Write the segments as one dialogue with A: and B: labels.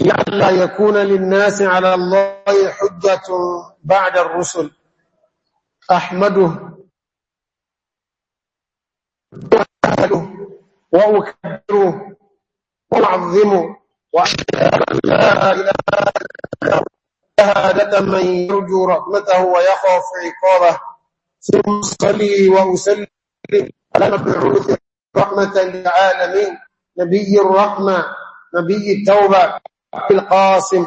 A: لئلا يكون للناس على الله حجة بعد الرسل أحمده وأكبره وأعظمه وأشهد أن لا إله إلا من يرجو رحمته ويخاف عقابه ثم أصلي وأسلم على مبعوث رحمة للعالمين نبي الرحمة نبي التوبة القاسم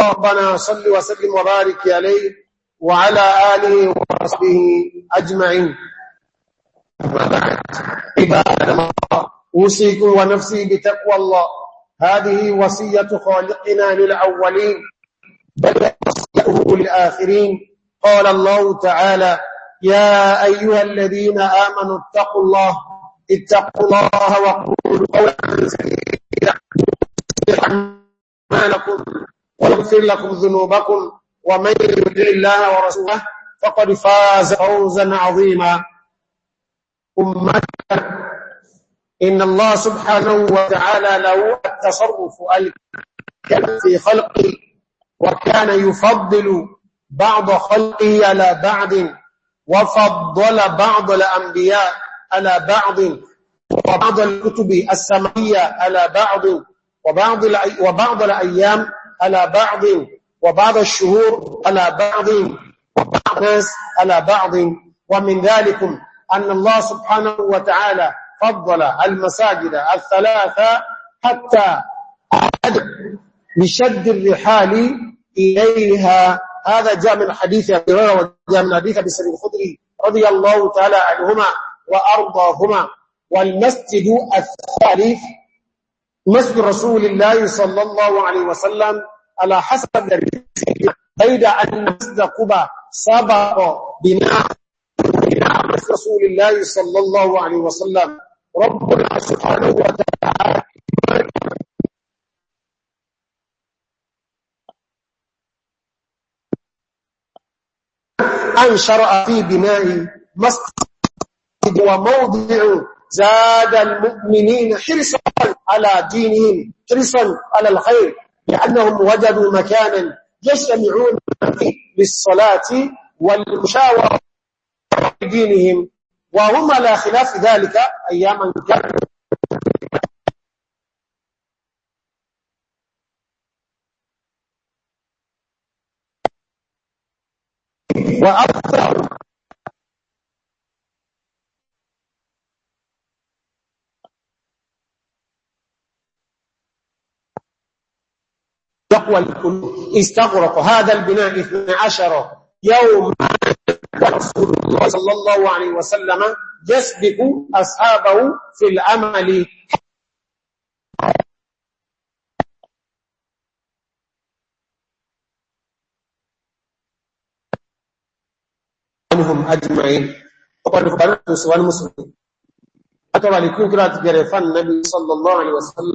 A: ربنا صل وسلم وبارك عليه وعلى آله وصحبه أجمعين عباد أوصيكم ونفسي بتقوى الله هذه وصية خالقنا للأولين بل وصيته للآخرين قال الله تعالى يا أيها الذين آمنوا اتقوا الله اتقوا الله وقولوا قولا سديدا لكم ويغفر لكم ذنوبكم ومن يطع الله ورسوله فقد فاز فوزا عظيما أمة إن الله سبحانه وتعالى له التصرف الكامل في خلقه وكان يفضل بعض خلقه على بعض وفضل بعض الأنبياء على بعض وبعض الكتب السماويه على بعض وبعض وبعض الأيام على بعض وبعض الشهور على بعض وبعض الناس على بعض ومن ذلك أن الله سبحانه وتعالى فضل المساجد الثلاثة حتى بشد الرحال إليها هذا جاء من حديث أبي هريرة وجاء من حديث أبي سعيد الخدري رضي الله تعالى عنهما وأرضاهما والمسجد الثالث مسجد رسول الله صلى الله عليه وسلم على حسب بيد أن مسجد قبى سبق بناء بناء مسجد رسول الله صلى الله عليه وسلم ربنا سبحانه وتعالى أن شرع في بناء مسجد وموضع زاد المؤمنين حرصا على دينهم حرصا على الخير لأنهم وجدوا مكانا يجتمعون فيه للصلاة والمشاورة في دينهم وهم على خلاف ذلك أياما كانوا
B: وأكثر
A: يقوى القلوب استغرق هذا البناء 12 يوم رسول الله صلى الله عليه وسلم يسبق أصحابه في الأمل عنهم أجمعين وقال فقالت سوى المسلمين أتوا لكم كرات جريفان النبي صلى الله عليه وسلم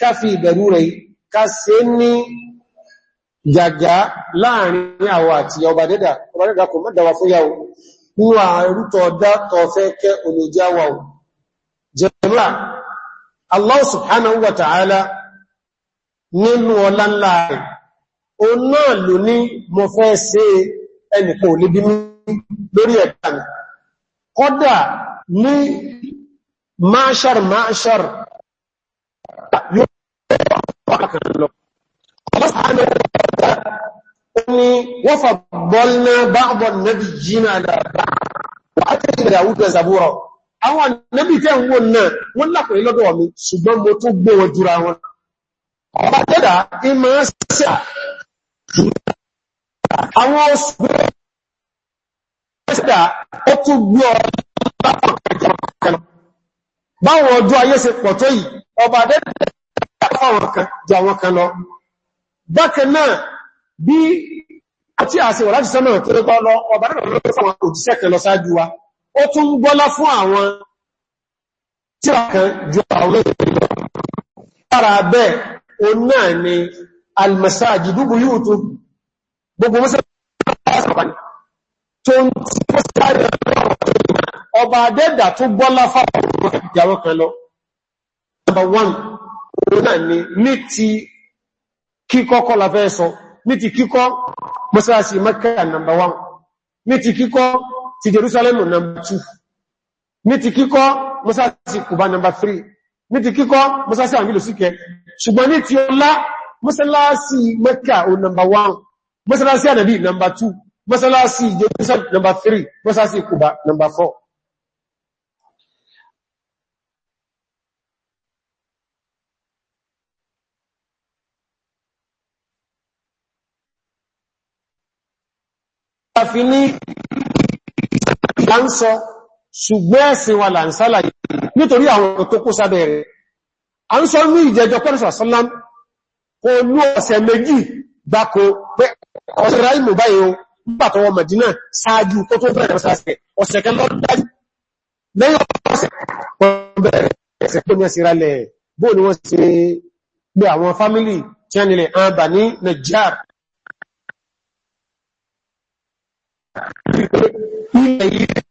A: ká fi ìbẹ̀rú rẹ̀ ká ṣe ní jàgá láàrin àwa àti ọba dẹ́dà ọba dẹ́dà kò mọ́ dáwà fún yàwó níwà rútọ̀ dá tọ́fẹ́ kẹ́ olójáwà Allah subhanahu wa ta'ala nínú ọlá ńlá rẹ̀ o náà lò ní mo fẹ́ ṣe ẹnìkan kọ́dà ní máṣàr máṣàr kan lọ ọmọsàánà ọ̀dá ó ní wọ́n fàgbọ́lná báàbọ̀ nẹ́bí jína dáadáa wà á tẹ́ ìrẹ̀ àwúdó ẹ̀sàbúrọ̀ àwọn nẹ́bí tẹ́ ń wọ́n náà wọ́n lápẹ̀ lọ́dọ̀ mi ṣùgbọ́n mo tó gbé wọn wọn ọba tẹ́dà ìmọ̀ fáwọn kan jù àwọn kan lọ bákan náà bí àti àṣewà láti sánmà tó lọ́gbọ́ lọ ọba náà lọ́gbọ́ fún àwọn òjíṣẹ́ kan lọ sáájú wa ó tún gbọ́lá fún àwọn tíra kan jù àwọn o náà ni almasaji dúgbù yóò tó gbogbo mọ́sán tó ọba adẹ́dà tó gbọ́lá fáwọn òjíṣẹ́ kan lọ number one òun náà ni ní ti kíkọ́ kọ́ la fẹ́ sọ ní ti kíkọ́ mọ́sálásí Mẹ́kà nàmbà 1 ní ti kíkọ́ ti Jerusalem nàmbà 2 ní ti kíkọ́ mọ́sálásí Kùbá nàmbà 3 ní ti kíkọ́ mọ́sálásí àmìlò síkẹ ṣùgbọ́n ní ti ọlá mọ́sálásí Mẹ́kà Jerusalem nàmbà 3 mọ́sálásí Kùbá nàmbà 4 fi ní ìsẹ̀lá ń sọ ṣùgbọ́n ẹ̀sìn wa là ń sálàyé nítorí àwọn tó kó sábẹ̀ rẹ̀. a ń sọ ní ìjẹjọ pẹ́lúsàsánlá kò lú ọ̀sẹ̀ méjì gbáko pé ọ̀sẹ̀ ráì mọ̀ o nígbàtọwọ́ Mẹ̀dínà ṣáájú kó tó bẹ̀rẹ̀ ọ̀sẹ̀ kẹ́ lọ́dájú lẹ́yìn ọ̀sẹ̀ bẹ̀rẹ̀ ẹ̀sẹ̀ tó ní ẹ̀sẹ̀ rálẹ̀ bóò ni wọ́n àwọn fámílì tí a nílẹ̀ àbà ní Nàìjíríà wípé ilẹ̀ yìí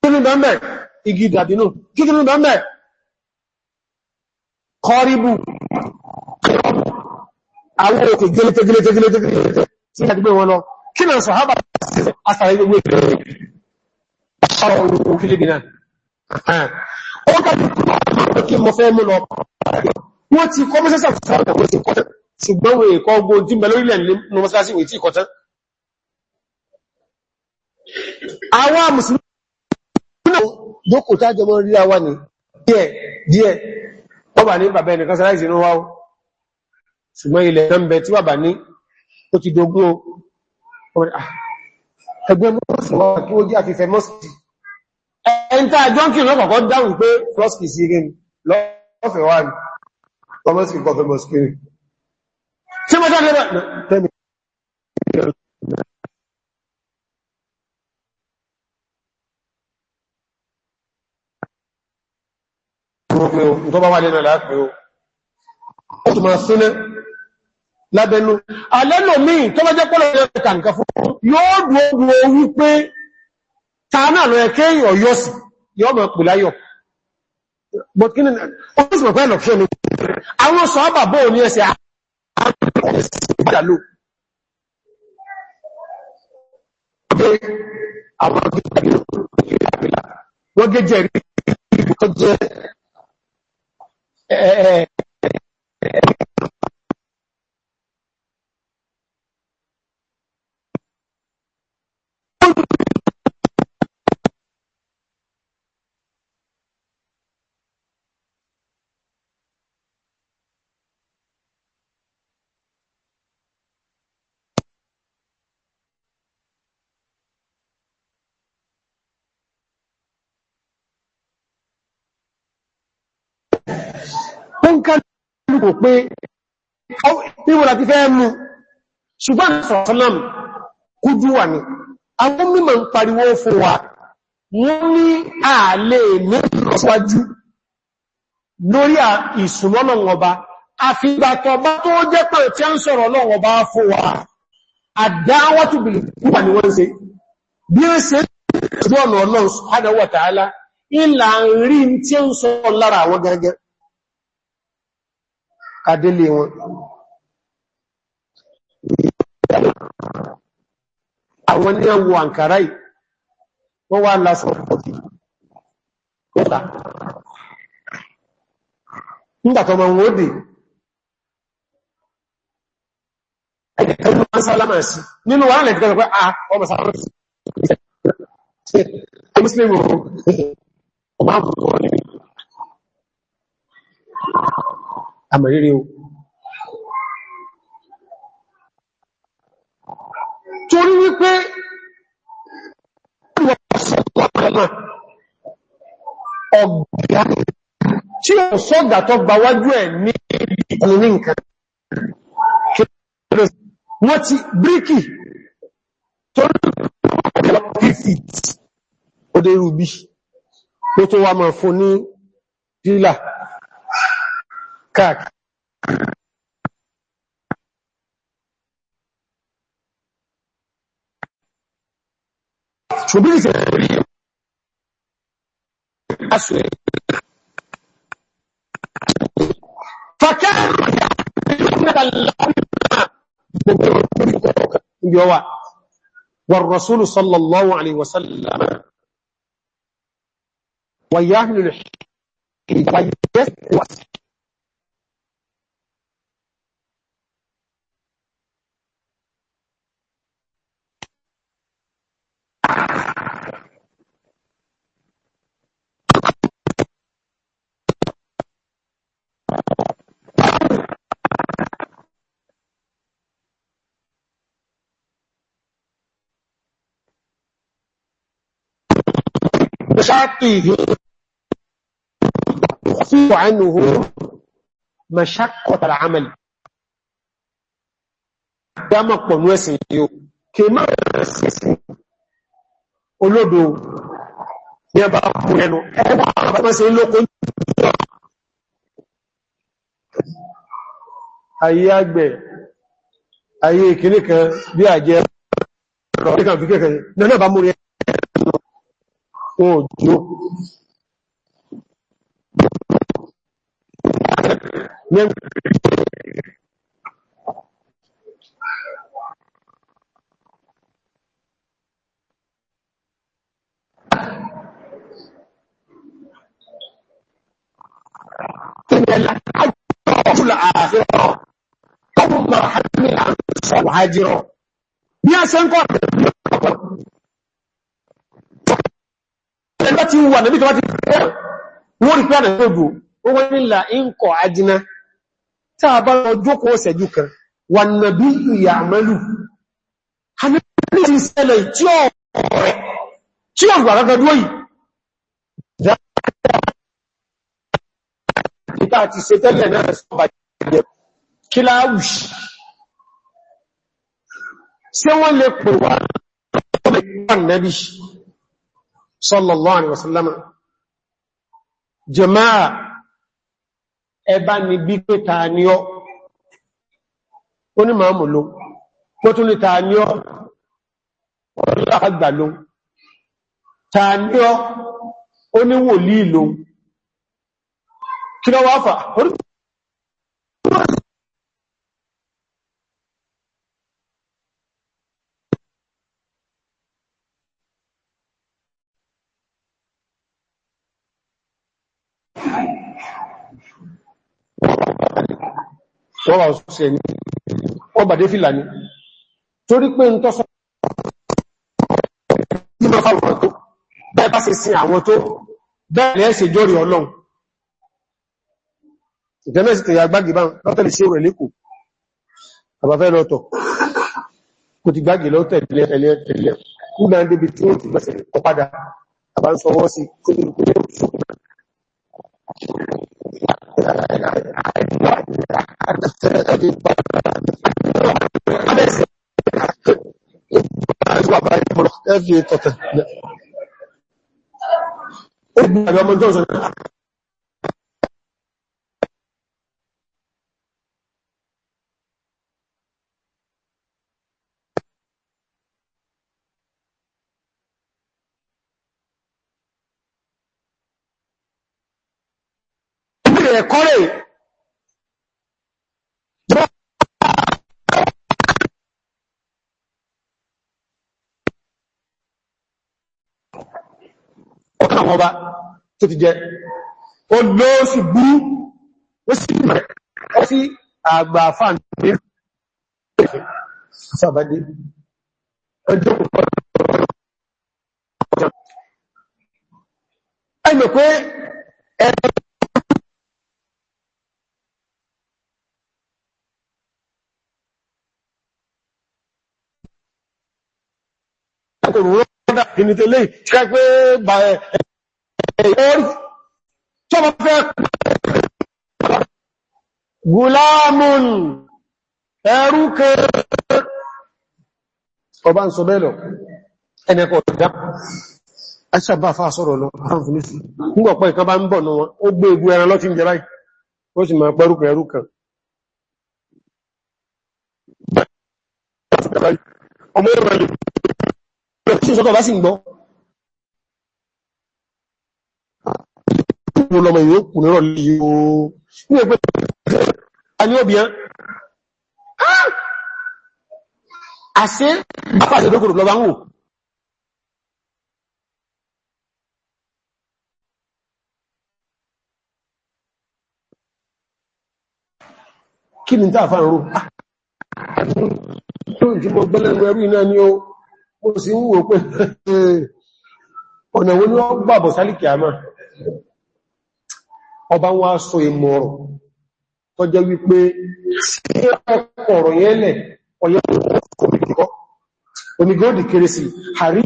A: kíni bẹ́m̀bẹ̀ igi dàbínú kíni bẹ́m̀bẹ̀ kọríbù àwọn òkè gẹ́lẹ́tẹ́gẹ́lẹ́tẹ́gẹ́lẹ́tẹ́gẹ́lẹ́tẹ́ tí àdúgbò wọn asàrẹ gbogbo ìgbẹ̀rẹ̀ ọ̀rọ̀ òun fílìbì náà ó kàbí kúrò àwọn kí mo fẹ́ mú lọ wọ́n ti kọ́ mọ́sẹ́sà fún àwọn ìkọ́tẹ́ ṣùgbọ́n wọ́n èkọ́ ogbó tí mẹ́lọ ilẹ̀ ní mọ́sẹ́sà sí ìwé àwọn mùsùlùmí náà jókòó tájọ mọ́ rí àwa ní díẹ̀ díẹ̀ wọ́n ní bàbá ẹnìkan sáláìsì inú wáwọ́ ṣùgbọ́n ilẹ̀ tán tí wà bà ní ó ti dogbó ẹgbẹ́ mọ́sùlọ́wà kí ó jẹ́ àfihàn mọ́sùlì ẹni tàà jọ́nkìn lọ́kọ̀ọ́kọ́ dáhùn pé mọ́sùlì sí rí lọ́fẹ̀ wà ní ọmọ́sùlì kọfẹ́ mọ́sùlì tí mọ́ jáde rẹ̀ tẹ́mì tó bá wà nínú ẹ̀lá pẹ̀lú ó tún máa súnlẹ̀ lábẹ́nú. Alẹ́lòmí tó bá jẹ́ pọ́lọ̀ ẹ̀rẹ́ kàǹkà fún yóò dúó wípé tàànà lọ ẹ̀kẹ́ ọ̀yọ́ sí yọ́ mọ̀ pù láyọ̀. Àwọn sọ́ọ́bà bóò ní ẹsẹ̀ Wọ́n gẹ́jẹ̀ rí ìbùkọ́ jẹ́ ẹ̀ẹ̀ẹ̀ẹ̀ ó ń ká lùkò pé níwọ̀n láti fẹ́ mú ṣùgbọ́n sọ̀sọ́lọ́m kújú wà ní àwọn mímọ̀ ń pariwo fún wa wọ́n ní ààlè mẹ́rọ̀síwájú lórí ìsúnmọ́nà ọba àfibàtọ̀ bá tó jẹ́ pẹ̀ tí a ń sọ̀rọ̀ lọ́wọ́ bá fún wa àdáwọ́tùbìlì wà ní wọ́n ṣe bí ó ṣe ṣùgbọ́n ọ̀nà ọlọ́run subhanahu wa ìlà ń rí tí ó ń sọ lára àwọn gẹ́gẹ́ Adele wọn àwọn ní ẹwọ àǹkàrá yìí wọ́n wá lásọ̀ ọ̀tí nígbàtọ̀ ma wọ́n dè ẹgbẹ̀rún ma ń sálámà sí nínú a ọmọ àmọ̀rírẹ́ o
B: torí wípé
A: ọ̀gá tí ó sọ́gà tó gba wájú ẹ̀ ní ìkùn ní nǹkan wọ́n ti bríkì tó rí fífìtì ó dé rúbí ó tó wá mọ̀ fún ní pílà как Что والرسول صلى الله عليه وسلم ويهل الحجة بشرطه يخفف عنه مشقة العمل dámà pọ̀ ní ẹ̀sìn yìí o kí máa rẹ̀ sí olódo ní ẹbá kú ẹnu ẹwà àpapọ̀sẹ̀ lókó jùlọ ayé àgbẹ̀ ayé ìkìníkan bí àjẹ́ ọ̀rọ̀ níkan fi kékeré náà bá múrí ẹ̀ òjò
B: Bí a ṣe ń kọ́ ọ̀rọ̀
A: ti wà nàbí tó bá ti rẹ̀ wọ́n rí pẹ́lẹ̀ lóògbò ó wọ́n nílà ìǹkọ̀ ajiná tí a bá lọ jókòó ọ̀sẹ̀jú kan wà nàbí ìyà àmẹ́lù wọ́n lè pè wà ọmọ ìpàdé صلى الله عليه وسلم جماعة ẹba ni bí pé ta ni ọ́ ó ní máa mú ló kó tún ní ta ni ọ́ ọ̀rọ̀ ló ta ni ọ́ ó ní kí lọ wá orí wọ́n ọ̀sẹ̀ ní ọbàdé fìlà ní torí pé ń tọ́sọ́ nígbà fáwọn tó bẹ́ẹ̀ bá sì sin àwọn tó bẹ́ẹ̀ lẹ́ ṣe jọ́rì ọlọ́run ìjẹ́mẹ́sì tẹ̀yà gbági bá lọ́tẹ̀lẹ̀ sí rẹ̀ lẹ́kù àbáfẹ́ lọ́tọ̀ kò ti gbági lọ́tẹ̀lẹ̀ في تتهدأ ابن أبي منجوز rẹ̀ kọ́rẹ̀ ọ̀tọ́ àwọn ọba tó ti jẹ ó ló sì burú ó sì mẹ́ ó sí àgbà fàn sábàdé ọjọ́ púpọ̀ ẹgbẹ̀ pé ẹgbẹ̀ rọ́dà ìnìtẹ̀lẹ̀ ọba ń sọ bẹ́ẹ̀ lọ ẹnẹ́kọ̀ ọ̀dá aṣàbá fà sọ̀rọ̀ lọ àrùnfúnisì nígbọ̀pọ̀ ìkan bá ń bọ̀ náà ó gbé ẹran lọ́tí ń ó sì máa tí ìsọ́kọ̀ bá sì ń gbọ́ mo lọmọ ìwé òkú ní ọ̀rọ̀lẹ́ yóò ní ẹgbẹ́ ayébíyàn kí ni tàà fà ń rò ah! tó ń tí mo gbẹ́lẹ̀gbẹ̀rú ni ó mo sì ń pé ọ̀nà wo ni wọ́n gbàbọ̀ sálìkì àmà ọba wọn a sọ ìmọ̀ ọ̀rọ̀ tó jẹ́ wípé sí ọ̀rọ̀ yẹn ọ̀yẹ́ onígóòdì kéré sí àrí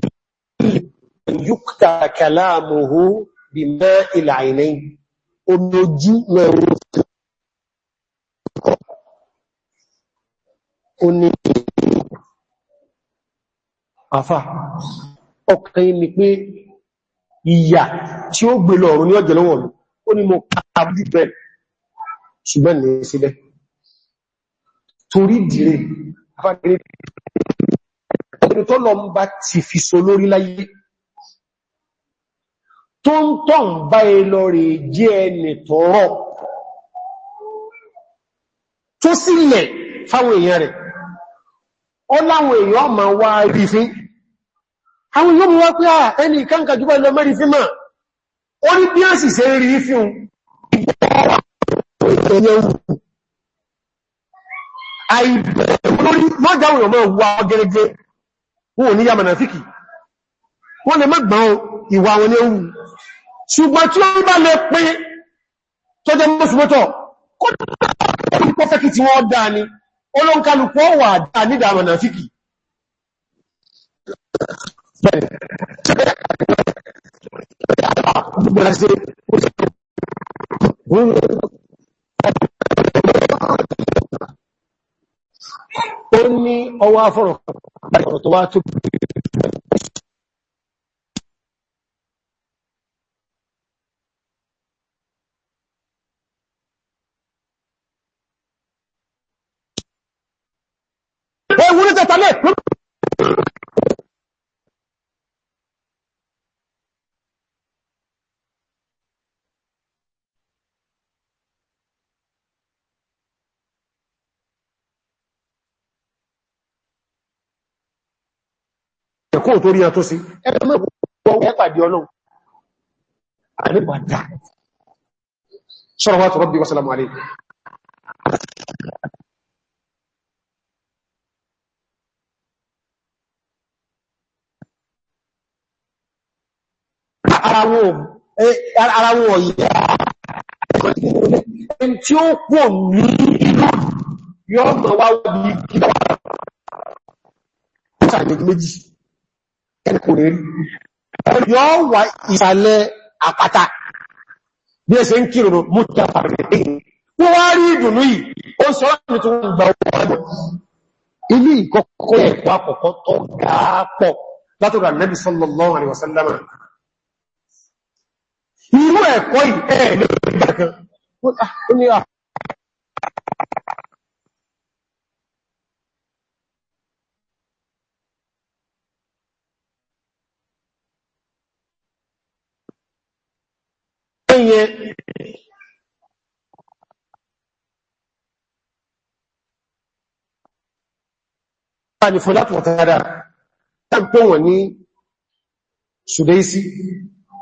A: ojú ní àfà ọkàn ni pé ìyà tí ó gbé lọ ọ̀run ní ọjọ́ lọ́wọ́ ọ̀run ó ní mo pàtàkì bẹ́ẹ̀ ṣùgbọ́n ní síbẹ̀ torí dìre afẹ́gbẹ̀rẹ̀ ọdún tó ń tọ́ ń bá ẹ lọ rẹ̀ jẹ́ ẹni tọ́rọ tó sílẹ̀ fáwọn èèyàn rẹ̀ ó láwọn èèyàn ma wá rí sí àwọn yóò mú wá pé à ah, ẹni ìkánká jùgbà lọ mẹ́rin sí máa ó rí bí àṣì ṣe rí fíun ṣùgbọ́n tí bá lè pín tó mọ́sùmọ́tọ̀ kó fẹ́ kí wọ́n dáa ni olóǹkálùkù ọwà dáa nídà mọ̀nàfíkì ó ní ọwọ́ afọ́rọ̀ tó wá tó bí i
B: ewu ní tẹ̀tàlẹ̀ ẹ̀kọ́ tó rí
A: àtọ́ sí ẹgbẹ̀mọ́ ẹ̀pàdé ọlọ́run àníbàdà sọ́rọ̀wà tọ́rọ̀bí wasalamu alaikum ara wọn ọ̀yá ẹni tí ó pò ní yọ́ mọ̀ wá wọ́bí ìgbà ìsàlẹ̀ méjì ẹnìkò rẹ̀ rí yọ́ wà ìsàlẹ̀ àpáta bí ẹsẹ̀ ń kírò mú wọ́n wá rí ìdùnnú yìí ó sọ láti tó ń gba ọgbọ̀n ilé ìkọ́kọ́ ẹ̀kọ́ àkọ́kọ́ sallallahu alaihi wasallam irú ẹ̀kọ́ ìtẹ́ẹ̀lẹ́ ìgbàkan ó tàbí tó wọ̀n ní ṣùdẹ́ sí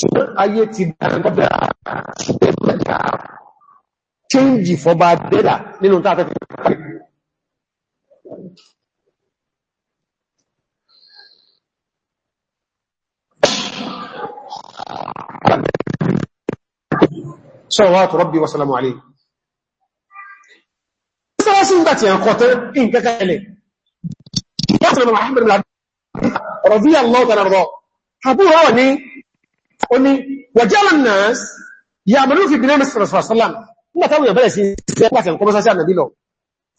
A: ṣùgbọ́n ayé ti dáadáa ṣùgbọ́n mẹ́ta ṣéǹjì fọba dẹ́dà nínú tàà tẹ́tẹ́ Salawatu Rabbi wa salamu alayhi. Sọ́wọ́ sí ìgbà tí a kọ̀ tán in kẹ́kẹ́lẹ̀. Wọ́n sọ́rọ̀ Muhammad bin Abdul Radiyallahu ta'ala anhu. Abu Hurairah ní ó ní wàjẹ́wọ̀n náà yà mọ̀lú fi bí nẹ́mìsì rọ̀sọ̀rọ̀sọ́lá nígbàtàwọn ìbẹ̀rẹ̀ sí ṣe pàtàkì nǹkan mọ́sánsá ànàbí lọ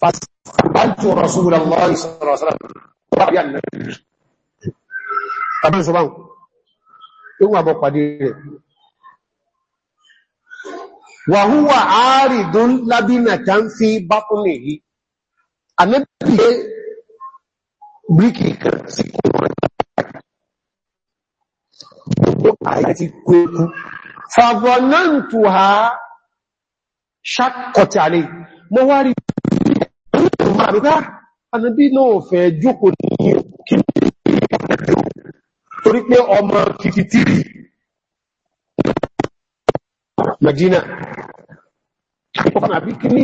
A: fàájú rọ̀sọ̀rọ̀sọ́lá rọ̀sọ̀rọ̀sọ́lá Bíríkì kan sí kòrò ẹ̀ta àti kó ikú fàbọ̀náǹtù ha ṣàkọtì àlè mọ́ wá rí ànábí náà fẹ́ jókòó ní kí torí pé ọmọ 53 Medina ọkọ̀ àbí ní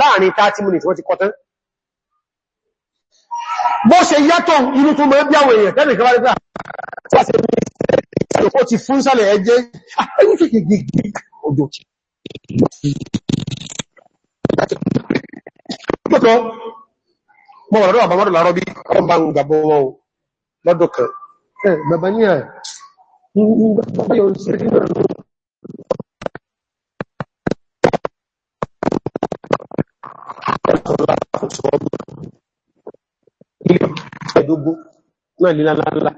A: láàrin 30 minutes wọ́n ti kọtán bó ṣe yàtọ̀ inú tó mọ́ bí àwọn èèyàn tẹ́lẹ̀ kọwàá nípa pàṣẹ ó ti fún sálẹ̀ ẹjẹ́ ẹgbẹ́ àwọn alákòóso ọgbọ̀n ilé ẹ̀dógún náà lílá ńláńlá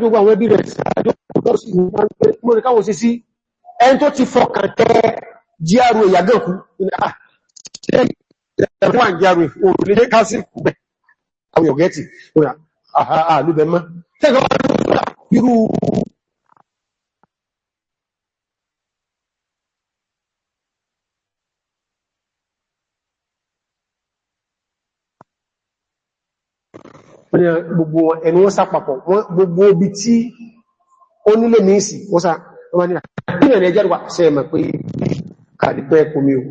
A: tó gbà àwọn ẹbí rẹ̀ sàájọ́ mọ́rin káwọn sí sí ẹn tó ti fọkàn tẹ́ jíàrù ìyàgẹ́kú ẹ̀wọ̀n jíàrù òrùlé kásì pẹ̀ gbogbo ẹni wọ́n sápapọ̀ gbogbo obi tí ó nílé ní ìsì wọ́n sá wọ́n máa ní àpínà ní ẹjẹ́rùwà sí ẹ̀mọ̀ pé kàrípẹ́ kòmí o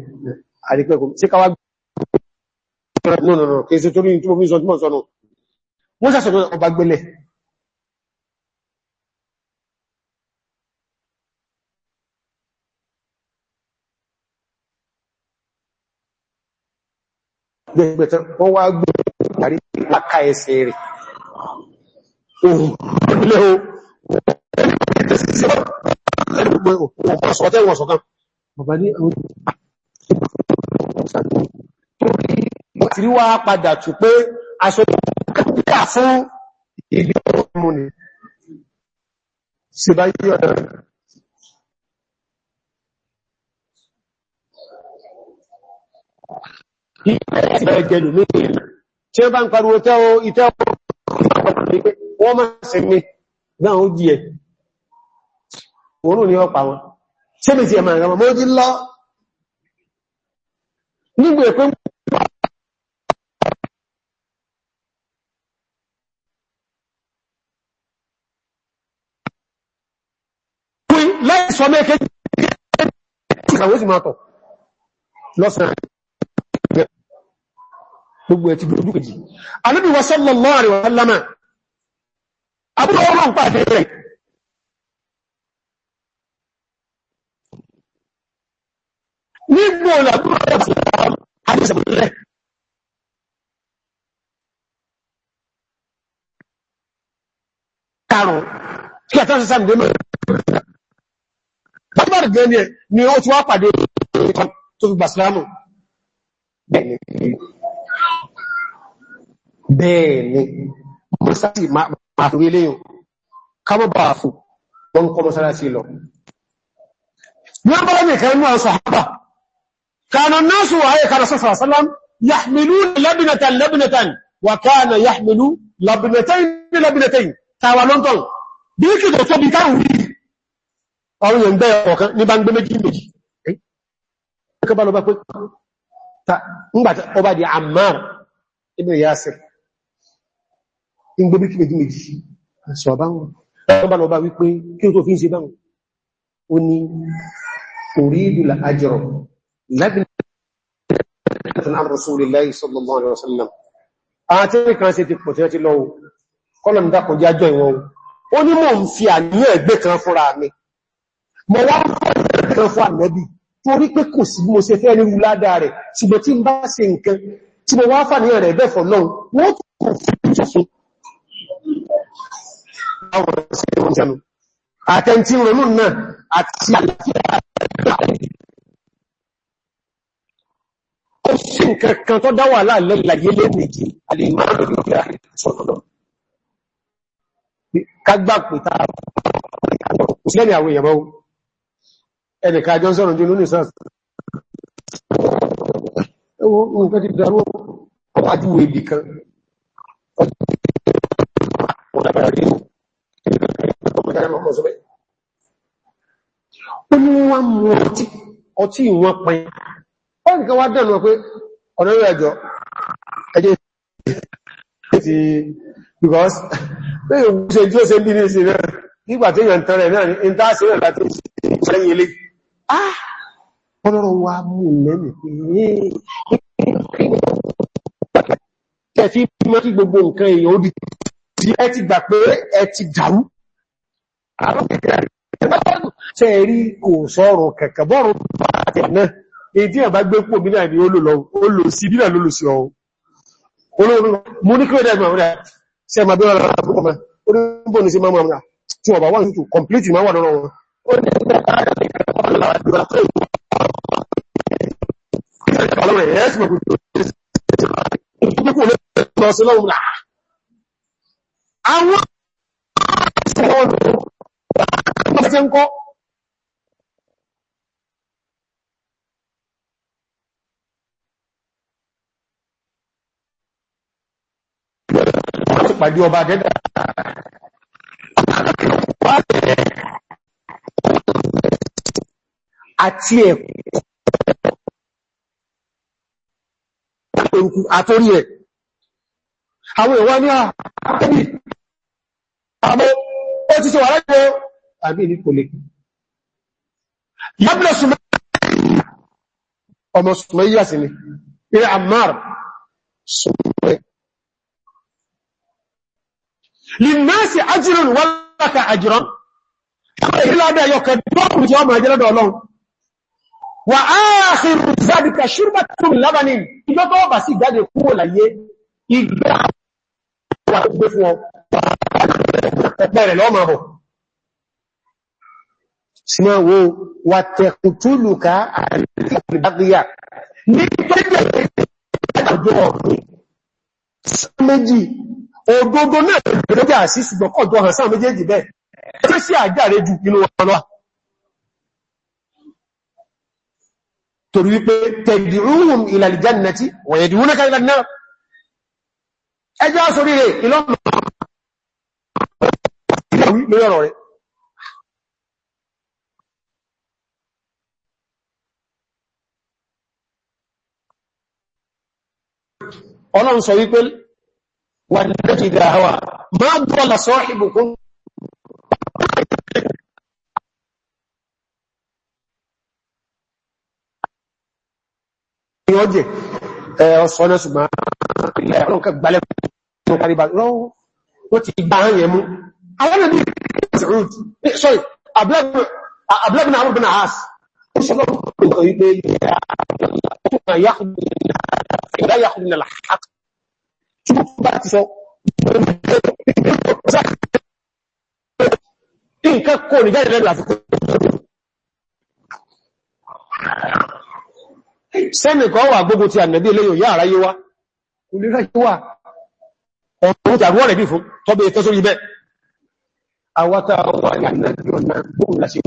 A: àrípẹ́ kòmí sí káwà gbẹ̀rẹ̀ Gbẹ̀gbẹ̀tẹ̀ wọ́n wá gbẹ̀rẹ̀ Buhari láka ẹsẹ̀ rẹ̀. Òhun ilé o, ọ̀tẹ́ ìwọ̀n sọ̀kan. Bàbá ní àwọn ìwọ̀n tí wá padà tù pé aṣọ kàkà fún ìbí ọmọ ni. Ṣèbá yí ọ̀dọ̀ Ìgbẹ́ ẹ̀jẹ̀ lò ní ìlú tí ó bá ń pariwo tẹ́ o ìtẹ́ wọ́n máa ṣe ní náà ó jí ẹ̀ òórùn ní ọpa wọn ṣe mi ti ẹ̀mà ìrànmà mọ́ jí lọ nígbò èpé lẹ́sọ mẹ́kẹ́ lọ́sàn gbogbo ẹ̀ ti gbogbo kejì. Ànábì wa sallallahu alaihi wa sallama, abúrò ọ̀rọ̀ ń pàdé rẹ̀.
B: Nígbò làbúrò ọ̀rọ̀ sallọ́wọ́ àdìsẹ̀bùnlẹ̀.
A: gẹ́ni ẹ̀ ni ó ti wá pàdé tó fi gbà sílámù bẹ́ẹ̀ ni mọ́sálásí máa torí eléyìn kámọ́ bá fún wọn kọ́ mọ́sálásí lọ wọ́n bá ní ẹ̀kẹ́ inú àwọn àpá kànà náà sọ wà ayẹ́ kàrà sọ́sọ̀ àsálám yàmìlú labinatan labinatan wà kànà yàmìlú labinatan labinatan tàwà lọ́ntọ̀n bí kì tó tóbi káwùrí ọ̀rọ̀ yẹn gbẹ́ ibn Yasir ń gbé bíkí méjì méjì sọ báwọn tó bá lọ bá wípé kí o tó fi ń ṣe báwọn ó ní orí ìdúlà ajọrọ̀ lábìnrin Mo wá ń fọ́ ìrẹ̀kẹ́ fún ànẹ́bì torí pé kò sí mo ṣe fẹ́ ní rúládà rẹ̀ ṣùgbọ́n tí ń bá ṣe nǹkan tí mo wá fà ní ẹ̀rẹ̀ bẹ́fọ̀ náà wọ́n tó kò fún ìjọsùn àwọn ọ̀sẹ̀ ìwọ̀nsẹ̀nù àtẹ́ntí ronú náà àti ó sì nǹkan tó dáwà láàlẹ́ ìlàyé lẹ́nìí alìmọ́ràn lórí àìsọ̀tọ̀lọ́ kágbà pẹ̀ta sílẹ̀ ni àwọn èèyàn mọ́ ẹnìká johnson jù lónìí sáà ẹwọ́ nǹkan ti darú ọwájú èdè kan ọjọ́ dára mọ́ sọ bẹ́ ó ní wọ́n mú ọtí ọtí ìwọ̀n pẹ̀yìn ó ní kan wá dánù pé ọ̀nà rẹ̀ ẹjọ́ ẹjẹ́ ti because pé òun ṣe tí ó ṣe bí ní ìsìn náà nígbà tí èèyàn tán rẹ̀ náà ní ìta sí rẹ̀ láti ṣẹ́yìn ilé ah ọlọ́rọ̀ wa mú lẹ́nì pé ẹ ti mọ́ kí gbogbo nǹkan èèyàn ó di ẹ ti gbà pé ẹ ti dàrú ṣe rí kò sọ̀rọ̀ kẹ̀kẹ̀ bọ́rọ̀ pàtàkì náà èyí tí àbá gbé pò mílíà ní olóòsí bílà lólòsí ọ̀hún olóòrùn mú ní kí ó dẹ̀gbà rẹ̀ ṣe ma bí wọ́n lára púpọ̀ máa oníbò ní sí máa mọ̀ tí wọ́n bá wọ́n tó complete máa wà lọ́rọ̀ wọn
B: àwọn ṣe ń kọ́
A: pàdé ọba dẹ́dà àti ẹ̀kọ́ àtórí ẹ̀ àwọn ìwọ́n ní àpẹẹrẹ ah, àbọ́ ó ti ṣe wà láti àbí ní kò lè kí. Yábùlẹ̀ Sùmọ́ ọmọ Sùmọ́yà sí ni, eré Ammar Sùmọ́yà. Lìmẹ́sì ajírùn wọ́n lákà àjírán, káwọn ìrìnlọ́dẹ̀ ayọ́kẹ́ dọ́kùn tí wọ́n máa jẹ́lọ́dọ̀ Ọlọ́run. Wà áàkìrù ẹgbẹ́ rẹ̀ lọ́mọ̀ bọ̀ símọ́ wo wà tẹ̀kùtùlùká àríkàgbàgbìyà ní pẹ́jẹ̀ ìjọ ọ̀rọ̀ méjì òdodo náà ìrẹ́jà sí ṣùgbọ́n kọjọ hàn sáà méjèèjì bẹ́ẹ̀ tó sí àjáre jù inú wọn lọ torí wípé tẹ̀dìrúhùn ìlàlìjánàtí wọ̀nyẹ̀dìwúnẹ́ká ìlànà ẹjọ́ sórí rẹ̀ ìlọ́nà ọlọ́run sọ wípé wà lẹ́tì ìdá àwà máa bọ́ la sọ ìbùkún ìyọ́jẹ̀ ọ̀sọ̀ náà ṣùgbọ́n ilẹ̀ ọlọ́nkà gbalẹ̀ tó kàrí bá lọ́wọ́ ó ti gbá ààyẹ mú àwọn ẹni sọlọ́pù kan wípé ọkùnrin yàkùnrin yàkùnrin nà láhàk tí ó bá ti sọ nǹkan kò ní jáde lẹ́nu àfikún sẹ́nì kan wà gbogbo ti ànàbí eléyìn yà àráyé wá kò lè ráyé wà ọ̀pọ̀ tàbí wọ́n rẹ̀ bí fún tọ́bí ẹ̀tọ́ sórí bẹ́ẹ̀ àwátà wà ní ọ̀nà gbóhùn láti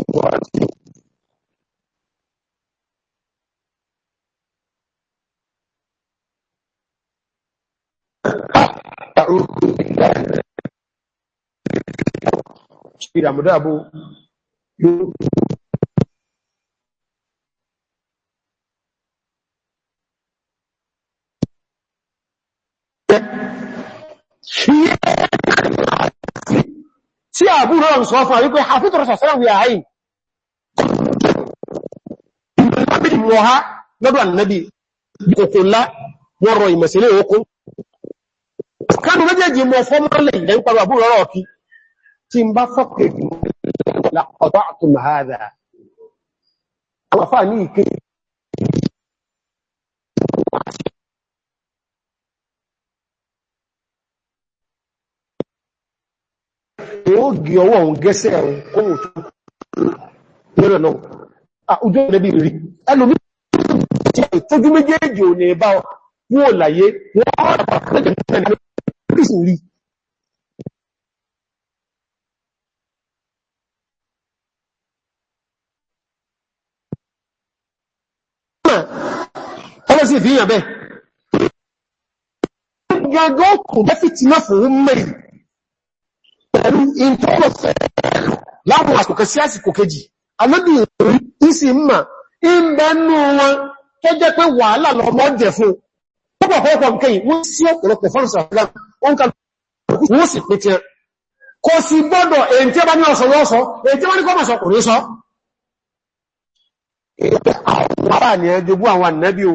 A: Speed Abu Dhabi. You tí àbúrò ń sọ fún àríkò àfíkò sọ̀sọ́rọ̀ wí àáyì ìgbẹ̀lẹ́bí wọ́n nabi nabi, kánú méjèèjì mọ̀ fọ́mọ́lẹ̀ ìdẹ̀yìn pàdó àbúrò ọ̀rọ̀ kí tí ń bá fọ́kẹ̀ ọ̀tọ́ àtùmọ̀ ààrẹ àwọn àfáà ní ìké ògì ọwọ́ òun gẹ́sẹ̀ ẹ̀rùn kóhùn tó sì fi yàn bẹ́ gẹ́gọ́ kò bẹ́ fi tínà fòun mẹ́rin pẹ̀lú ìntọ́lọ̀fẹ́ láwọn àsìkò sí àsìkò kejì alóbì ìsì mà ń bẹ́nu wọn tó jẹ́ pé wàhálà lọ́mọ́ jẹ fún pọ́pọ̀pọ̀ nkẹyìn wọ́n sí ọ̀pọ̀lọpọ̀ fọ́nà kò sí gbọ́dọ̀ èyí tí a bá ní ọ̀sọ̀ lọ́sọ̀ èyí tí a bá ní kọ́mọ̀ sọkùnrin sọ àwọn àbá ni ẹjọ́gbó àwọn ànẹ́bí o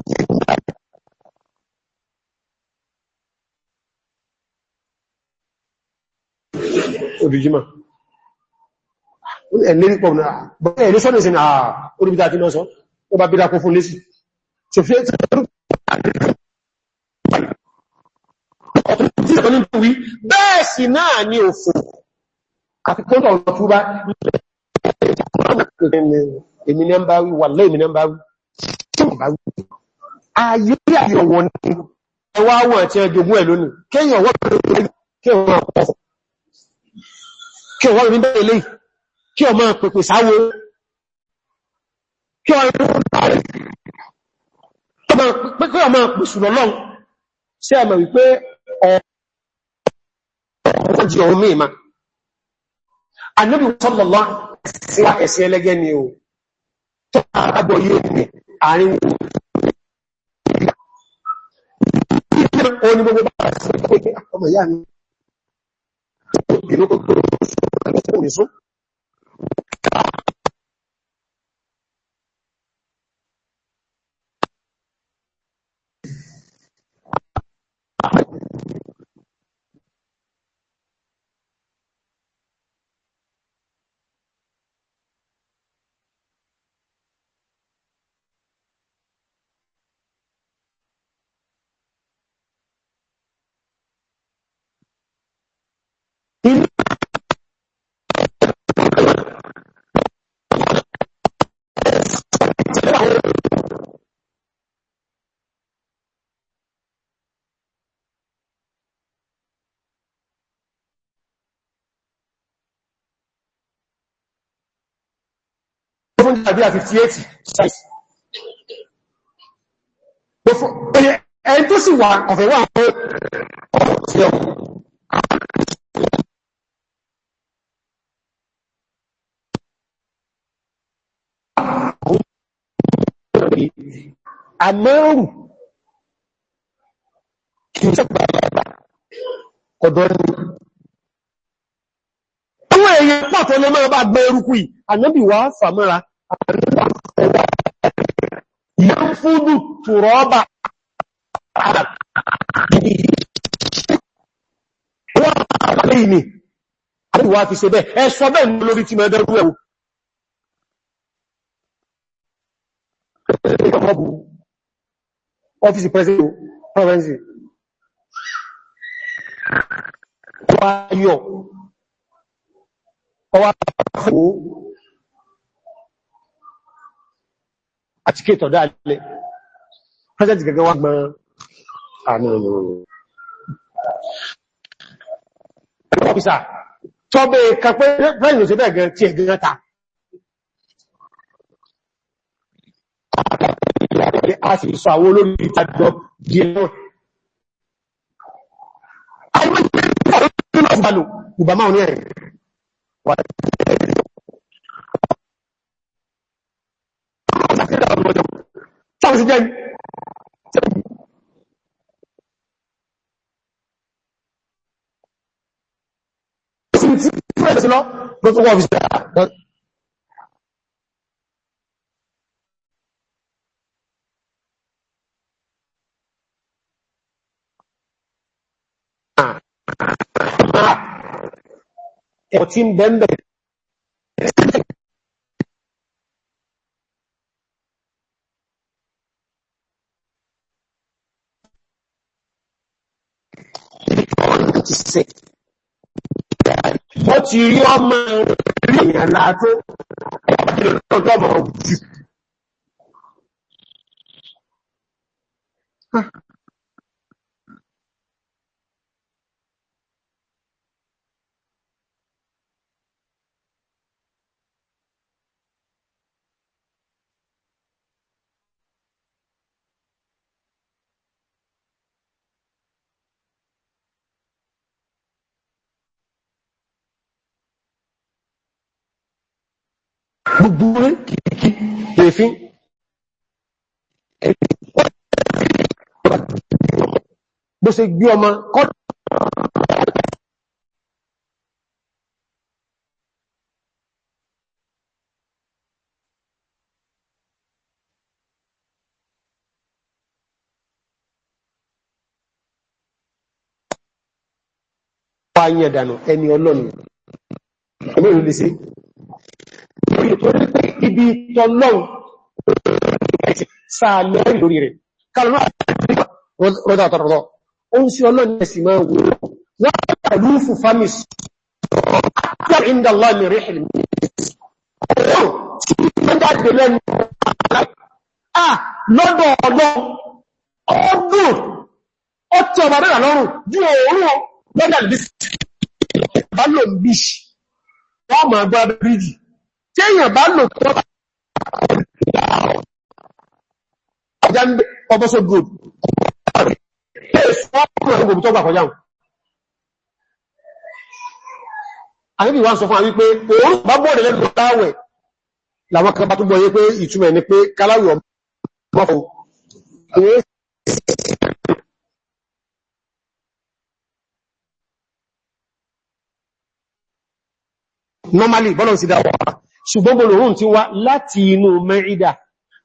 A: òdìjímà ẹ̀lérí pọ̀ náà bọ́ẹ̀ ẹ̀lé sọ́nà ìsinmi àà oríbítà kí náà sọ ó bá bídá kó fún lésì bẹ́ẹ̀ sì náà ni òfò àfikúntọ̀ ọ̀rọ̀ túbá èmi ní ń bá wí wàlẹ́ èmi ní ń bá wí tí wọ́n bá wí ayé àyọ̀wọ̀ ní ẹwà àwọn àti ẹjogún ẹ̀ lónìí kéyàn wọ́n pẹ̀lú kéyàn wọ́n pọ̀fọ̀ kí ọwọ́ rí bẹ́ẹ̀ lè kí ọmọ pèpè sáwọ́ kí ọmọ pèsù lọ́lọ́n sí àmà wípé ọ̀rọ̀ jẹ ohun mìí ma Ànábì sọ́lọ̀lọ́ sí ẹ̀sí ẹlẹ́gẹ́ ni o tó àrábọ̀ yóò ní àárín òní gbogbo bá ọmọ
B: ìyá mi piloto ruso anunciou isso. Ele phone tàbí 58 size. Ẹni tó sì wà ọ̀fẹ́ wà ọ̀fẹ́ ọ̀fẹ́
A: àmọ́rù kì í sẹ́pàá àgbà ọ̀dọ́ ni àwọn èèyàn pàtẹ́ lọ mẹ́rin bá gbẹ eruku yìí ànábì wá fàmọ́ra yán fúdù tùrọ́bà wọ́n àpàlẹ́ ìní ànábì wá fi ṣe bẹ́ẹ̀ ẹ sọ bẹ́ẹ̀ lórí tí mẹ́ẹ̀dẹ́rú ẹ̀wọ̀ ọ́fíìsì pẹ́sìdò province wà yọ ọwà àwọ̀ àti kéètọ̀ dáadẹ́ president gẹ́gẹ́ wà gbọ́n àmì ọ̀písà tọ́bẹ̀ kàpẹ́ rẹ̀ lò sí bẹ́ẹ̀ gẹ́ tí ẹ̀gẹ́ ta àpẹẹrẹ a sì sọ àwọn olórin ìtajọ di ẹ̀rọ àwọn ìpínlẹ̀ ìpínlẹ̀ ìbálò ìbámá òní ẹ̀rẹ̀ wà Tí
B: ó ti fún ẹ̀sìn lọ, ló tún wọ́n fi ṣe àà.
A: ẹ̀kọ́ tí ń bẹ́m̀bẹ̀
B: Wọ́n ti rí ọmọ rí ìyàn látó ọjọ́bọ̀ jù.
A: gbogbo rẹ̀ kìkì èéfín bó ṣe gbé ọmọ kọ́dọ̀ Fáyẹ̀ dànù ẹni ọlọ́nu. Ọmọ ìrìnlẹ̀ sí nítorí pé ibi tọ́lọ́un sáàlẹ́rì lórí rẹ̀ kàrùn rọ́dà tọ̀rọ̀lọ́ o ń sí ọlọ́ni ẹ̀sì máa wù wọ́n pẹ̀lú fúfàmì Ọjọ́ ọmọ mẹ́rà lọ́rùn yóò orúwọ́ lọ́dà lè bí i bá lò ń bí i, wọ́n máa gbá bíríjì tí èyàn bá lò tó bá ọjà ń bẹ ọbọ́sọ̀ group àníbì wá ń sọ fún àwí pé òun bá bọ́ọ̀dẹ̀ lẹ́nu láwẹ̀ làwọn kan bá tó gbọ́yé pé ìtumẹ̀ ni pé kaláwì ọmọ normally bọ́lọ̀ sí dáwọ̀ ṣùgbọ́n gbọ́lòrún ti wá láti inú mẹ́rídà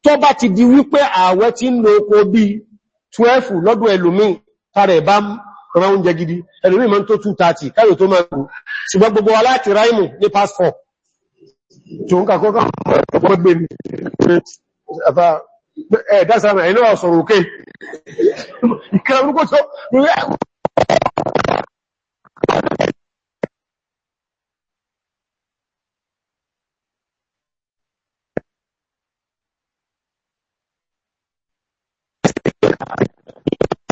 A: tó bá ti di wípé ààwẹ̀ tí ń lo oko bí 12 lọ́dún ẹlòmíì tààrẹ̀ bá rán oúnjẹ gidi ẹlòmíì máa ń tó 230 káyò tó máa gbò ṣùgbọ́n gbogbo wa ráìmù ní passport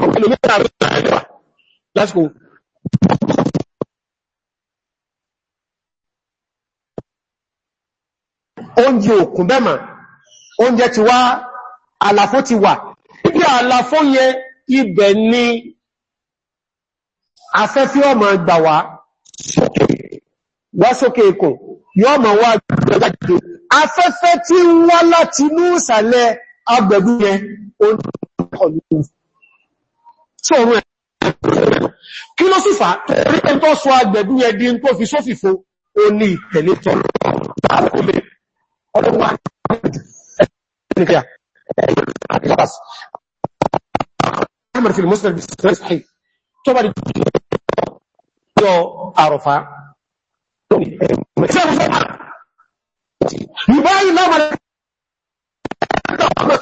B: ẹlòmíràn ló ń rẹ̀ wá lásìkò
A: oúnjẹ òkun bẹ́mà oúnjẹ ti wá àlàfo ti wà ibi àlàfo yẹ ibẹ̀ ni afẹ́fẹ́ ọmọ gbà wá wá sókè ikùn yóò mọ̀ wá gbẹ̀gbẹ̀ afẹ́fẹ́ tí wá láti ní ìsàlẹ̀ agbẹ̀gbẹ̀ yẹn kọlu sóòrùn ẹ̀ kí ló sì fà torí ẹ̀ tó sọ agbẹ̀dú ẹdí tó fi sófìfo ó ní ìtẹ̀lé tọ́lọ́ Ìbáyìí náà mọ̀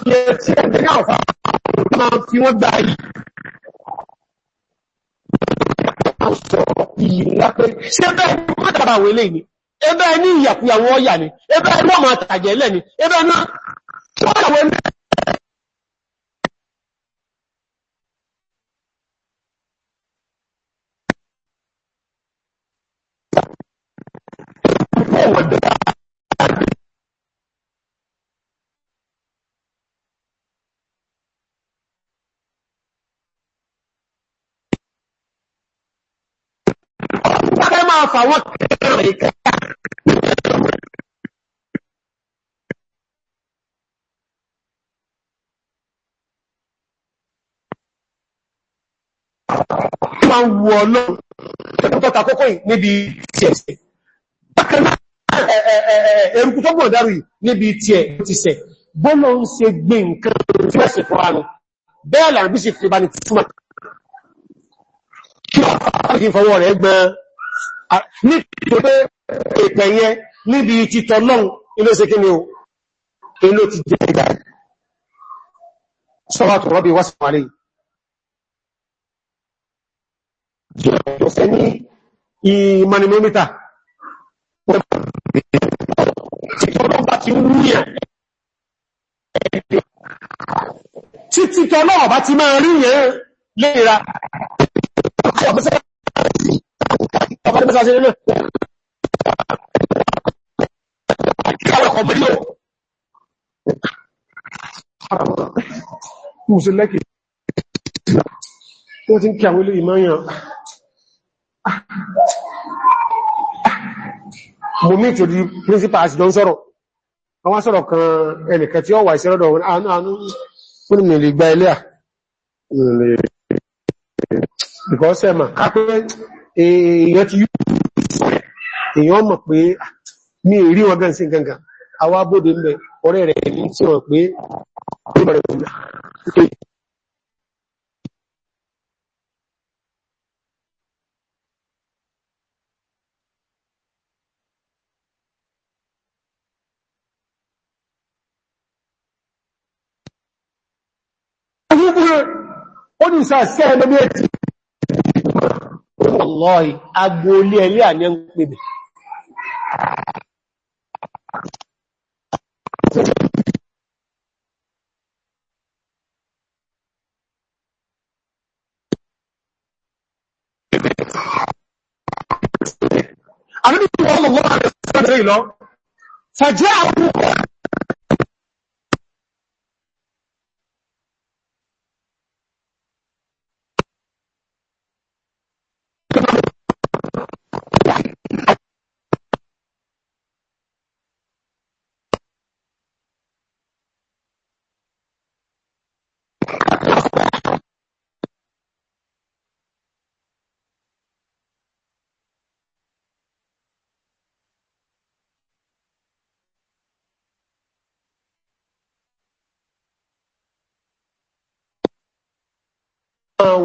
A: lẹ́yìn ọ̀pọ̀ kan tí wọ́n gbà yìí sọ iyì ńlá pé ṣé bẹ́ẹ̀ ní wọ́n dára wọ ilé ni ẹbẹ́ ní ìyàkúyàwó ọ̀yà ni ẹbẹ́ ní ọmọ àtàjẹ́ lẹ́ ni ẹbẹ́ ní ṣọ́yàwó ẹ̀mẹ́
B: ọ̀wọ̀dọ̀ fàwọn kẹrẹ ìkẹ́ máa ń wu ọlọ́run
A: tọ́ta kókó yìí níbi tí ẹ̀sẹ̀. Bákan náà ẹ̀rùkú tó gbọ́n dárò yìí níbi tí ẹ̀ ti sẹ̀. Bọ́lọ̀ ń ṣe gbé nǹkan tí ó sì fọ́ra lọ. Bẹ́ẹ̀ làrùn bí sì fi bá ní túmọ̀. Kí wọ́n fọwọ́ rẹ̀ gbọ́n nítorí pé ìpẹ̀ níbi títọ lọ́un ilé ṣe kí ni o ilé ti jẹ́ ìgbà sọ́wọ́ tó rọ́bí wá sàmàrí jẹ́ ọ̀fẹ́ ní ìmanimomita títí tọ́lọ́wọ̀ bá ti máa rí yẹn léra ọ̀pẹ́sẹ̀ sa se lele kala ko bi yo musulaki tó tin kí àwọn ilé imayan mo mi to di principal as don àwọn sọ̀rọ̀ kan ẹnìkan tí ó wà ìṣẹ́rọ̀dọ̀ àánú àánú fún mi lè gba ilé à because ẹ̀mà kápẹ́ èèyàn ti èèyàn mọ̀ pé ní ah, èrí wọn gan sí gangan àwọn abóde mẹ́ ọ̀rẹ́ rẹ̀ ní tí wọ́n pé ó ní ìsàṣẹ́ ẹgbẹ̀mí ẹ̀tì wallahi agboolé ẹlẹ́ àní ń pè bẹ̀.
B: Àdúgbò wọ́n rẹ̀ fẹ́rẹ̀ ìlọ, àwọn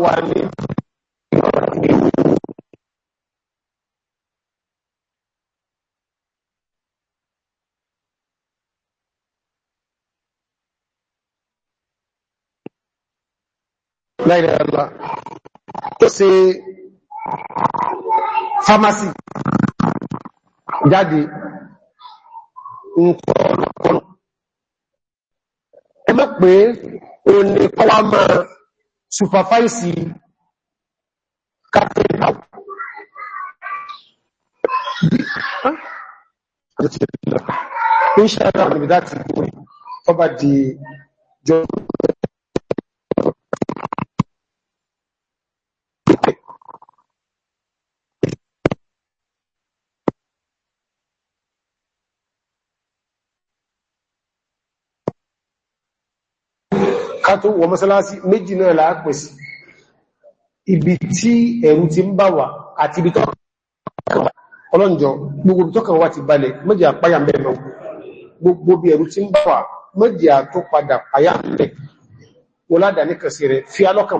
B: wà ní ìlú.
A: láìlẹ̀ ọ̀la tó ṣe fámásì jáde nǹkan ọ̀nà ẹgbẹ́ pé o ní kọ́wàá máa supervise carrying out. Inshallah, with that, over the job. ká tó wọ mọ́sálásí méjì náà láàpẹ̀sì ibi tí ẹ̀rù ti ń bà wà àti ibi ọlọ́njọ́ gbogbo tọ́kàn wà ti balẹ̀ méjì àpáyà mẹ́lọ gbogbo bí ẹ̀rù ti ń bà wà méjì àtó padà àyà mẹ́ wọ́ládà ní kẹsì rẹ̀ fi alọ́kàn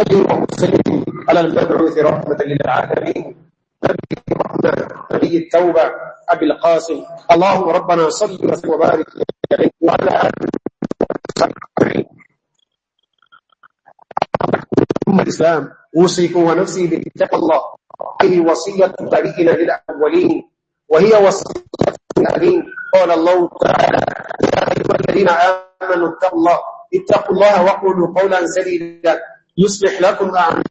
A: المرسلين والمرسلين على المبعوث رحمة للعالمين نبي رحمة نبي التوبة أبي القاسم اللهم ربنا صل وسلم وبارك عليه وعلى آله وصحبه ثم الإسلام أوصيكم ونفسي بإتقاء الله هذه وصية نبينا للأولين وهي وصية الأمين قال الله تعالى يا أيها الذين آمنوا اتقوا الله اتقوا الله وقولوا قولا سديدا يصلح لكم أعمالكم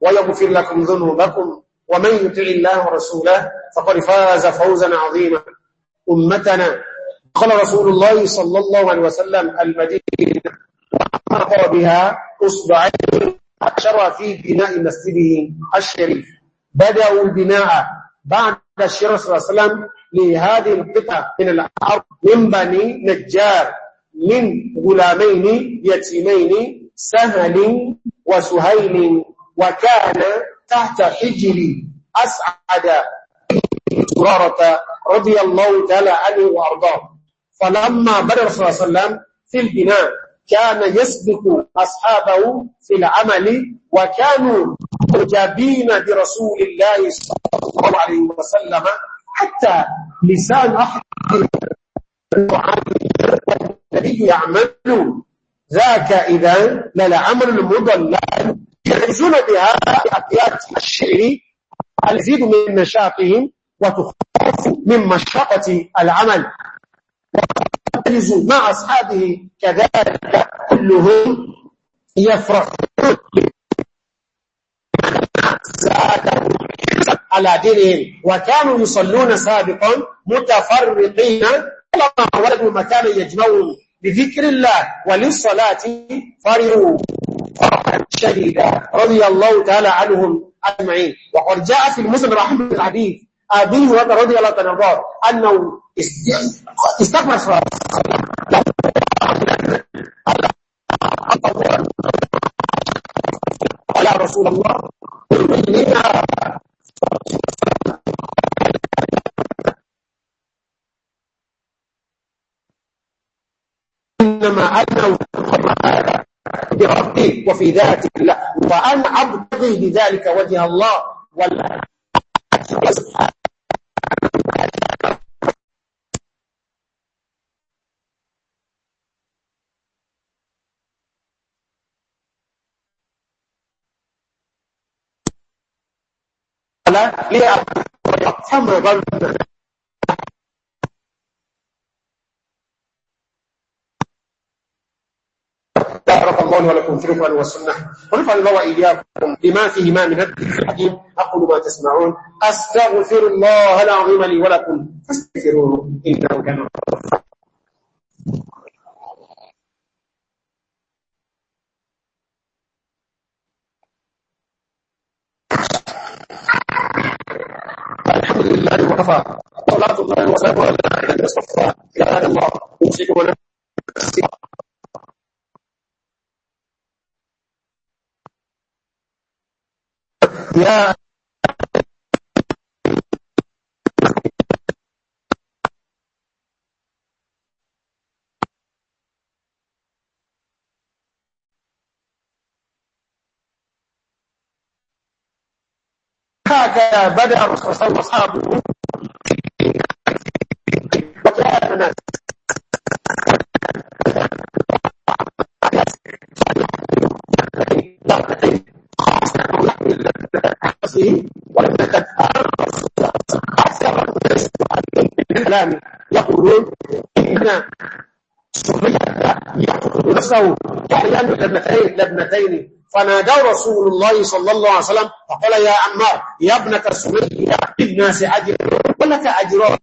A: ويغفر لكم ذنوبكم ومن يطع الله ورسوله فقد فاز فوزا عظيما أمتنا قال رسول الله صلى الله عليه وسلم المدينة وأمر بها أصبعين أشرى في بناء مسجده الشريف بدأوا البناء بعد الشرس صلى الله عليه وسلم لهذه القطعة من الأرض من بني نجار من غلامين يتيمين سهل وسهيل وكان تحت حجر أسعد سرارة رضي الله تعالى عنه وأرضاه فلما بدأ صلى الله عليه وسلم في البناء كان يسبق أصحابه في العمل وكانوا مجابين برسول الله صلى الله عليه وسلم حتى لسان أحد النبي يعمل ذاك إذا للعمل المضلل يعيشون بهذا الأبيات الشعر التزيد من نشاطهم وتخاف من مشقة العمل وتجلس مع أصحابه كذلك كلهم يفرحون على دينهم وكانوا يصلون سابقا متفرقين ولما ولدوا مكانا يجمعون بذكر الله وللصلاة فارغوا شديدا رضي الله تعالى عنهم أجمعين وقد جاء في المسلم رحمه الحديث أبي هريرة رضي الله تعالى عنه أنه استقبل صلاة
B: على رسول الله
A: في ذات الله وأن أبتغي بذلك وجه الله ولا
B: لا ليه أبتغي
A: عفوا ولكم في القرآن والسنة ونفعل الله وإياكم بما فيهما من الحكيم أقول ما تسمعون أستغفر الله العظيم لي ولكم فاستغفروه إنه كان
B: الحمد لله وكفى صلاة الله وسلامه على الذين اصطفى يا الله اوصيكم ونفسي يا هكذا بدأ الرسول صلى الله عليه وسلم
A: يقول إن سمية لابنتين فنادوا رسول الله صلى الله عليه وسلم فقال يا عمار يا ابنة سمية للناس أجر ولك أجر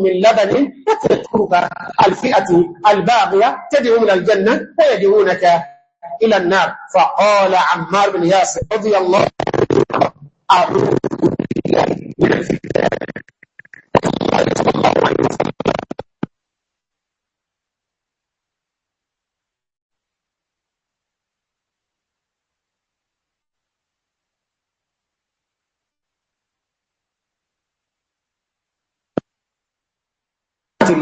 A: من لبن وتذكرك الفئة الباغية تدعو من الجنة ويدعونك إلى النار فقال عمار بن ياسر رضي الله عنه أعوذ بالله من الفتنة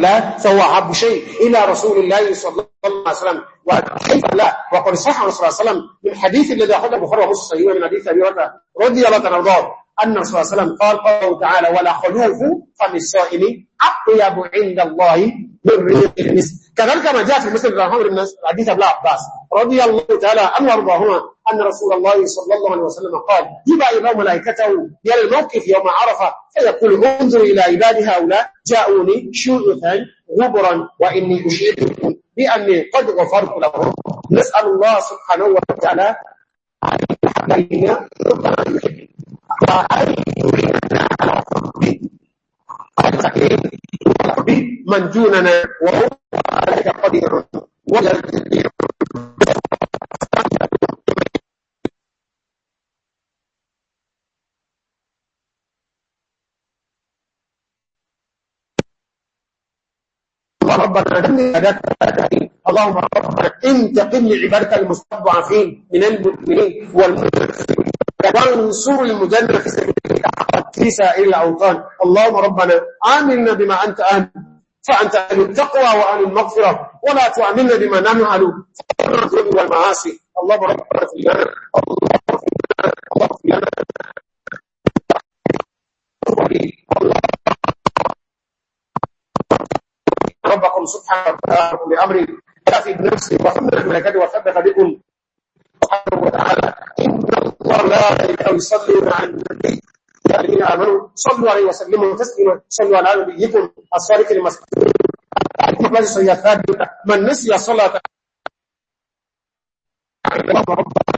A: الله فهو أحب شيء إلى رسول الله صلى الله عليه وسلم وكيف لا وقد صح رسول الله صلى الله عليه وسلم من الحديث الذي أخذ البخاري ومسلم من حديث أبي هريرة رضي الله عنه وارضاه أن رسول الله صلى الله عليه وسلم قال قوله تعالى ولا خلوه فم السائل أطيب عند الله من ريح المسك كذلك ما جاء في مسلم الحمد بن حديث ابن عباس رضي الله تعالى عنه وارضاهما أن رسول الله صلى الله عليه وسلم قال يبقى إمام ملائكته يرى الموقف يوم عرفة فيقول انظر إلى عباد هؤلاء جاءوني شيوثا غبرا وإني أشهدكم بأني قد غفرت لهم نسأل الله سبحانه وتعالى علينا وعلينا يريدنا على من دوننا وهو عليك قدير ولا تدير اللهم ربنا دمر عبادك اللهم ربنا انتقم لعبادك المستضعفين من المؤمنين والمؤمنين وانصر المجاهدين في سبيلك في سائر الاوطان اللهم ربنا آمنا بما انت آمن فانت اهل التقوى واهل المغفره ولا تعاملنا بما نفعل فاغفر والمعاصي اللهم ربنا في لنا اللهم في لنا اللهم في
B: لنا الله
A: ربكم سبحانه وتعالى بأمره يأتي بنفسه وثبت الملكات وثبت بكم سبحانه وتعالى إن الله لا يصلي مع النبي الذين يعني آمنوا صلوا عليه وسلموا تسليما صلوا على نبيكم الصالح المسلمين من نسي صلاة الله ربه